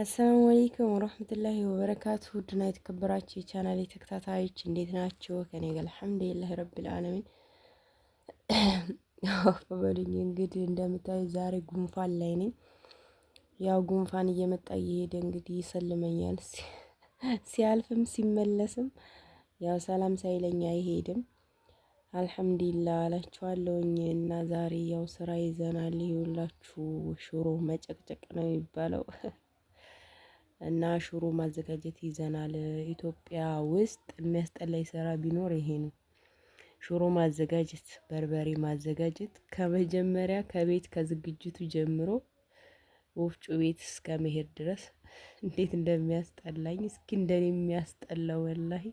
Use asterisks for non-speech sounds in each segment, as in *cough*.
አሰላሙ አለይኩም ወራህመቱላሂ ወበረካቱ ውድና የተከበራችሁ የቻናሌ ተከታታዮች እንዴት ናቸው ከኔ ጋር አልሐምዱሊላህ ረብል *coughs* በሉኝ። እንግዲህ እንደምታዩ ዛሬ ጉንፋን ላይ ነኝ። ያው ጉንፋን እየመጣ እየሄደ እንግዲህ ይሰልመኛል፣ *laughs* ሲያልፍም ሲመለስም ያው ሰላም ሳይለኝ አይሄድም። አልሐምዱሊላህ አላችኋለሁኝ እና ዛሬ ያው ስራ ይዘናል። ይኸውላችሁ ሽሮ መጨቅጨቅ ነው የሚባለው *laughs* እና ሽሮ ማዘጋጀት ይዘናል። ኢትዮጵያ ውስጥ የሚያስጠላኝ ስራ ቢኖር ይሄ ነው። ሽሮ ማዘጋጀት፣ በርበሬ ማዘጋጀት ከመጀመሪያ ከቤት ከዝግጅቱ ጀምሮ ወፍጮ ቤት እስከ መሄድ ድረስ እንዴት እንደሚያስጠላኝ እስኪ እንደኔ የሚያስጠላው ወላሂ።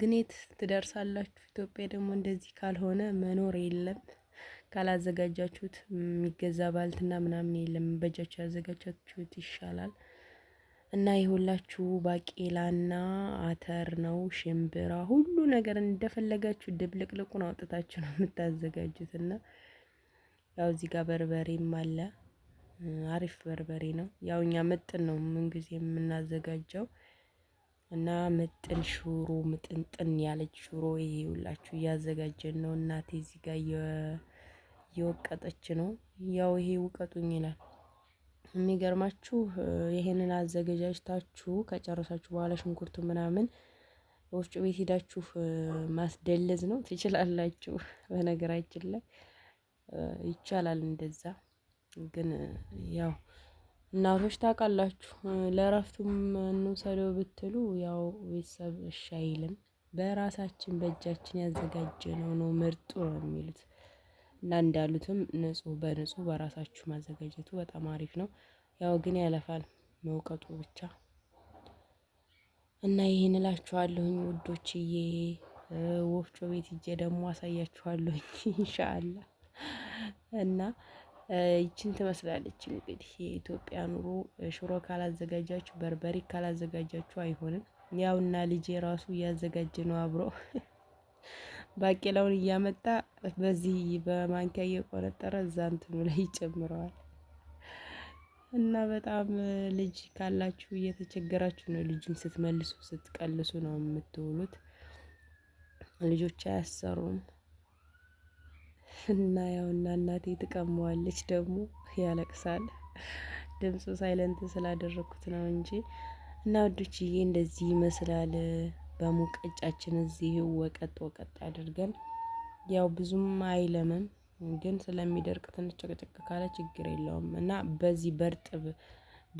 ግን የት ትደርሳላችሁ? ኢትዮጵያ ደግሞ እንደዚህ ካልሆነ መኖር የለም። ካላዘጋጃችሁት የሚገዛ ባልትና ምናምን የለም። በእጃችሁ ያዘጋጃችሁት ይሻላል። እና ይሁላችሁ ባቄላና አተር ነው ሽምብራ፣ ሁሉ ነገር እንደፈለጋችሁ ድብልቅልቁን አውጥታችሁ ነው የምታዘጋጁት። እና ያው እዚህ ጋር በርበሬም አለ። አሪፍ በርበሬ ነው። ያው እኛ ምጥን ነው ምንጊዜ የምናዘጋጀው እና ምጥን ሽሮ ምጥንጥን ያለች ሽሮ ይሄ ሁላችሁ እያዘጋጀን ነው። እናቴ እዚህ ጋር እየወቀጠች ነው። ያው ይሄ ውቀጡኝ ይላል የሚገርማችሁ ይሄንን አዘገጃጅታችሁ ከጨረሳችሁ በኋላ ሽንኩርቱ ምናምን ወፍጮ ቤት ሄዳችሁ ማስደለዝ ነው ትችላላችሁ። በነገራችን ላይ ይቻላል እንደዛ። ግን ያው እናቶች ታውቃላችሁ፣ ለእረፍቱም እንውሰደው ብትሉ ያው ቤተሰብ እሺ አይልም። በራሳችን በእጃችን ያዘጋጀ ነው ምርጡ ነው የሚሉት። እና እንዳሉትም ንጹህ በንጹህ በራሳችሁ ማዘጋጀቱ በጣም አሪፍ ነው። ያው ግን ያለፋል መውቀጡ ብቻ እና ይህን እላችኋለሁኝ ውዶችዬ። ወፍጮ ቤት ሂጄ ደግሞ አሳያችኋለሁኝ *laughs* ኢንሻአላ። እና ይችን ትመስላለች እንግዲህ የኢትዮጵያ ኑሮ። ሽሮ ካላዘጋጃችሁ፣ በርበሬ ካላዘጋጃችሁ አይሆንም። ያውና ልጄ ራሱ እያዘጋጀ ነው አብሮ *laughs* ባቄላውን እያመጣ በዚህ በማንኪያ እየቆነጠረ እዛ እንትኑ ላይ ይጨምረዋል። እና በጣም ልጅ ካላችሁ እየተቸገራችሁ ነው። ልጁን ስትመልሱ ስትቀልሱ ነው የምትውሉት። ልጆች አያሰሩም። እና እና እናቴ ትቀመዋለች፣ ደግሞ ያለቅሳል። ድምፁ ሳይለንት ስላደረግኩት ነው እንጂ እና ይሄ እንደዚህ ይመስላል። በሙቀጫችን እዚህ ወቀጥ ወቀጥ አድርገን ያው ብዙም አይለምም ግን ስለሚደርቅ ትንሽ ጭቅጭቅ ካለ ችግር የለውም እና በዚህ በርጥብ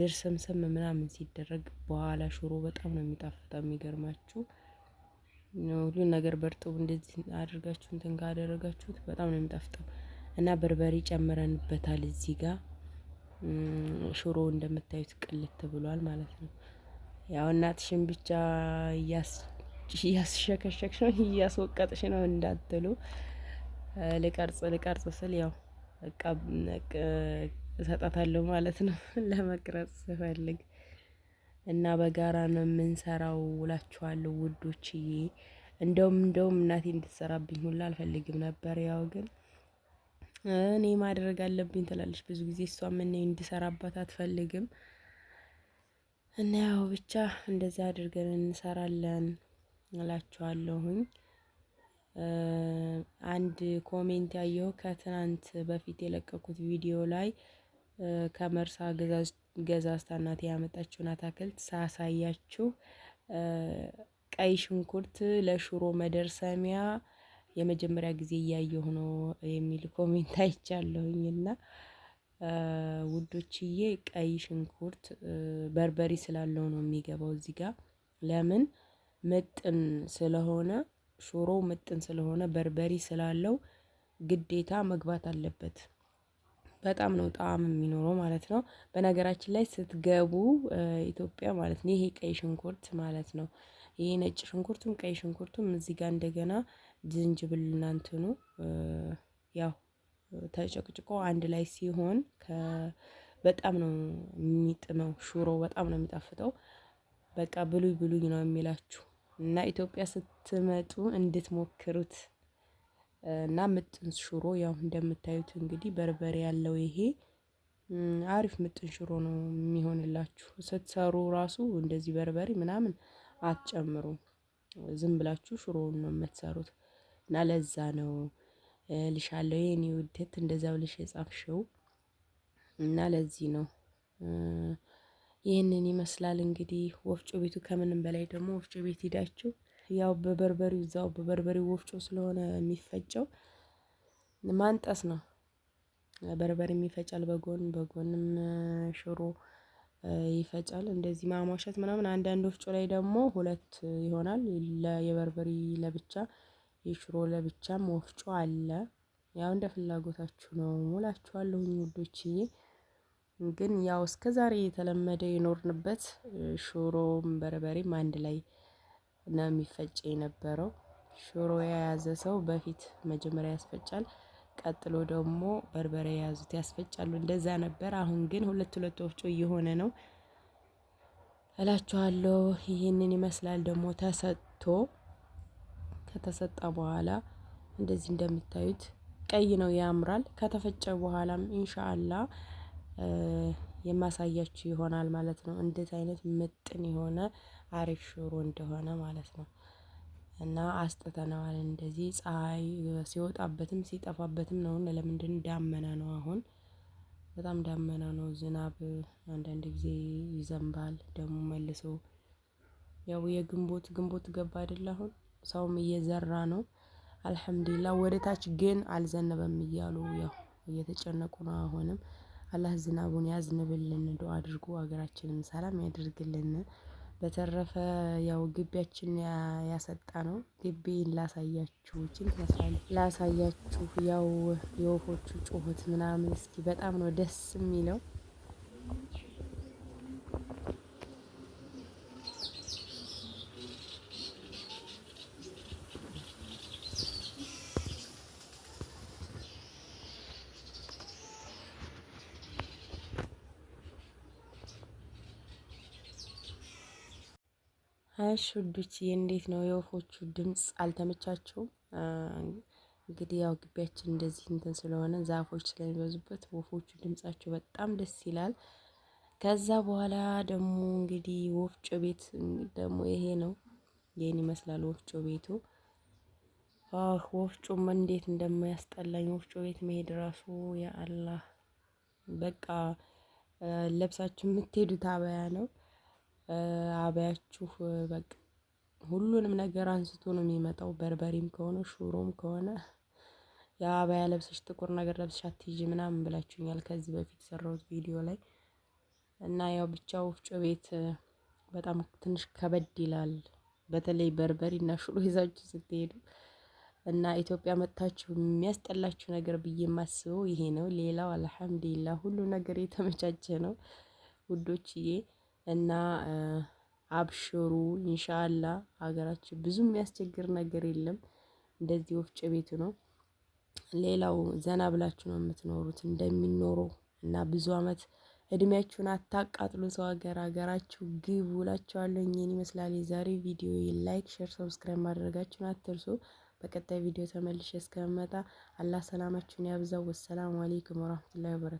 ድርስምስም ምናምን ሲደረግ በኋላ ሽሮ በጣም ነው የሚጣፍጠው። የሚገርማችሁ ሁሉን ነገር በርጥብ እንደዚህ አድርጋችሁ እንትን ካደረጋችሁት በጣም ነው የሚጣፍጠው እና በርበሬ ጨምረንበታል እዚህ ጋር ሽሮ እንደምታዩት ቅልት ብሏል ማለት ነው። ያው እናትሽን ብቻ እያስሸከሸክሽ ነው እያስወቀጥሽ ነው እንዳትሉ፣ ልቀርጽ ልቀርጽ ስል ያው እሰጣታለሁ ማለት ነው *laughs* ለመቅረጽ ስፈልግ እና በጋራ ነው የምንሰራው ውላችኋለሁ ውዶችዬ። እንደውም እንደውም እናቴ እንድትሰራብኝ ሁላ አልፈልግም ነበር። ያው ግን እኔ ማድረግ አለብኝ ትላለች ብዙ ጊዜ እሷ ምን እንድሰራባት አትፈልግም። እና ያው ብቻ እንደዚህ አድርገን እንሰራለን እላችኋለሁኝ። አንድ ኮሜንት ያየው ከትናንት በፊት የለቀኩት ቪዲዮ ላይ ከመርሳ ገዛዝታ እናቴ ያመጣችውን አታክልት ሳሳያችሁ ቀይ ሽንኩርት ለሽሮ መደርሰሚያ የመጀመሪያ ጊዜ እያየሁ ነው የሚል ኮሜንት አይቻለሁኝና ውዶችዬ ቀይ ሽንኩርት በርበሬ ስላለው ነው የሚገባው እዚህ ጋር። ለምን ምጥን ስለሆነ ሹሮ ምጥን ስለሆነ በርበሬ ስላለው ግዴታ መግባት አለበት። በጣም ነው ጣዕም የሚኖረው ማለት ነው። በነገራችን ላይ ስትገቡ ኢትዮጵያ ማለት ነው ይሄ ቀይ ሽንኩርት ማለት ነው። ይሄ ነጭ ሽንኩርቱም ቀይ ሽንኩርቱም እዚህ ጋር እንደገና ዝንጅብል እንትኑ ያው ተጨቅጭቆ አንድ ላይ ሲሆን በጣም ነው የሚጥመው። ሹሮ በጣም ነው የሚጣፍጠው። በቃ ብሉይ ብሉይ ነው የሚላችሁ እና ኢትዮጵያ ስትመጡ እንድትሞክሩት እና ምጥን ሽሮ ያው እንደምታዩት እንግዲህ በርበሬ ያለው ይሄ አሪፍ ምጥን ሽሮ ነው የሚሆንላችሁ። ስትሰሩ ራሱ እንደዚህ በርበሬ ምናምን አትጨምሩ። ዝም ብላችሁ ሽሮውን ነው የምትሰሩት እና ለዛ ነው ልሻለሁ የኔ ውድት እንደዛ ልሽ የጻፍሽው እና ለዚህ ነው ይህንን ይመስላል እንግዲህ ወፍጮ ቤቱ ከምንም በላይ ደግሞ ወፍጮ ቤት ሂዳችሁ ያው በበርበሪው እዛው በበርበሬው ወፍጮ ስለሆነ የሚፈጨው ማንጠስ ነው በርበሬ ይፈጫል በጎን በጎንም ሽሮ ይፈጫል እንደዚህ ማሟሸት ምናምን አንዳንድ ወፍጮ ላይ ደግሞ ሁለት ይሆናል የበርበሪ ለብቻ የሽሮ ለብቻም ወፍጮ አለ። ያው እንደ ፍላጎታችሁ ነው ሞላችኋለሁ ውዶችዬ። ግን ያው እስከ ዛሬ የተለመደ የኖርንበት ሽሮም በርበሬም አንድ ላይ ነው የሚፈጭ የነበረው። ሽሮ የያዘ ሰው በፊት መጀመሪያ ያስፈጫል፣ ቀጥሎ ደግሞ በርበሬ የያዙት ያስፈጫሉ። እንደዛ ነበር። አሁን ግን ሁለት ሁለት ወፍጮ እየሆነ ነው እላችኋለሁ። ይህንን ይመስላል ደግሞ ተሰጥቶ ከተሰጣ በኋላ እንደዚህ እንደምታዩት ቀይ ነው፣ ያምራል። ከተፈጨ በኋላም ኢንሻአላ የማሳያችሁ ይሆናል ማለት ነው። እንዴት አይነት ምጥን የሆነ አሪፍ ሽሮ እንደሆነ ማለት ነው። እና አስጥተነዋል እንደዚህ ፀሐይ ሲወጣበትም ሲጠፋበትም ነው። ለምንድን ዳመና ነው አሁን በጣም ዳመና ነው። ዝናብ አንዳንድ ጊዜ ይዘንባል ደግሞ መልሶ ያው የግንቦት ግንቦት ገባ አይደል አሁን ሰውም እየዘራ ነው። አልሐምዱሊላ ወደ ታች ግን አልዘነበም እያሉ ያው እየተጨነቁ ነው። አሁንም አላህ ዝናቡን ያዝንብልን፣ ዱዓ አድርጉ፣ ሀገራችንም ሰላም ያደርግልን። በተረፈ ያው ግቢያችን ያሰጣ ነው። ግቢን ላሳያችሁ ችን ላሳያችሁ ያው የወፎቹ ጩኸት ምናምን እስኪ በጣም ነው ደስ የሚለው። እሺ ውዶችዬ እንዴት ነው? የወፎቹ ድምፅ አልተመቻቸውም። እንግዲህ ያው ግቢያችን እንደዚህ እንትን ስለሆነ ዛፎች ስለሚበዙበት ወፎቹ ድምጻቸው በጣም ደስ ይላል። ከዛ በኋላ ደግሞ እንግዲህ ወፍጮ ቤት ደግሞ ይሄ ነው። ይህን ይመስላል ወፍጮ ቤቱ። አህ ወፍጮም እንዴት እንደማያስጠላኝ ወፍጮ ቤት መሄድ ራሱ ያ አላህ በቃ ለብሳችሁ የምትሄዱት አበያ ነው። አብያችሁ በቃ ሁሉንም ነገር አንስቶ ነው የሚመጣው። በርበሬም ከሆነ ሹሮም ከሆነ የአባያ ለብሰሽ ጥቁር ነገር ለብሰሽ አትይዥ ምናምን ብላችሁኛል ከዚህ በፊት የሰራሁት ቪዲዮ ላይ እና ያው ብቻ ወፍጮ ቤት በጣም ትንሽ ከበድ ይላል። በተለይ በርበሬ እና ሽሮ *laughs* ይዛችሁ ስትሄዱ እና ኢትዮጵያ መጥታችሁ የሚያስጠላችሁ ነገር ብዬ የማስበው ይሄ ነው። ሌላው አልሐምዱሊላ ሁሉ ነገር የተመቻቸ ነው ውዶችዬ። እና አብሽሩ ኢንሻላ ሀገራችን ብዙ የሚያስቸግር ነገር የለም። እንደዚህ ወፍጭ ቤት ነው። ሌላው ዘና ብላችሁ ነው የምትኖሩት እንደሚኖረው እና ብዙ አመት እድሜያችሁን አታቃጥሉ። ሰው ሀገር ሀገራችሁ ግቡ እላችኋለሁ። እኔን ይመስላል የዛሬ ቪዲዮ። ላይክ፣ ሼር፣ ሰብስክራይብ ማድረጋችሁን አትርሱ። በቀጣይ ቪዲዮ ተመልሼ እስከመጣ አላህ ሰላማችሁን ያብዛው። ወሰላሙ አሌይኩም ወራህመቱላሂ ወበረካቱ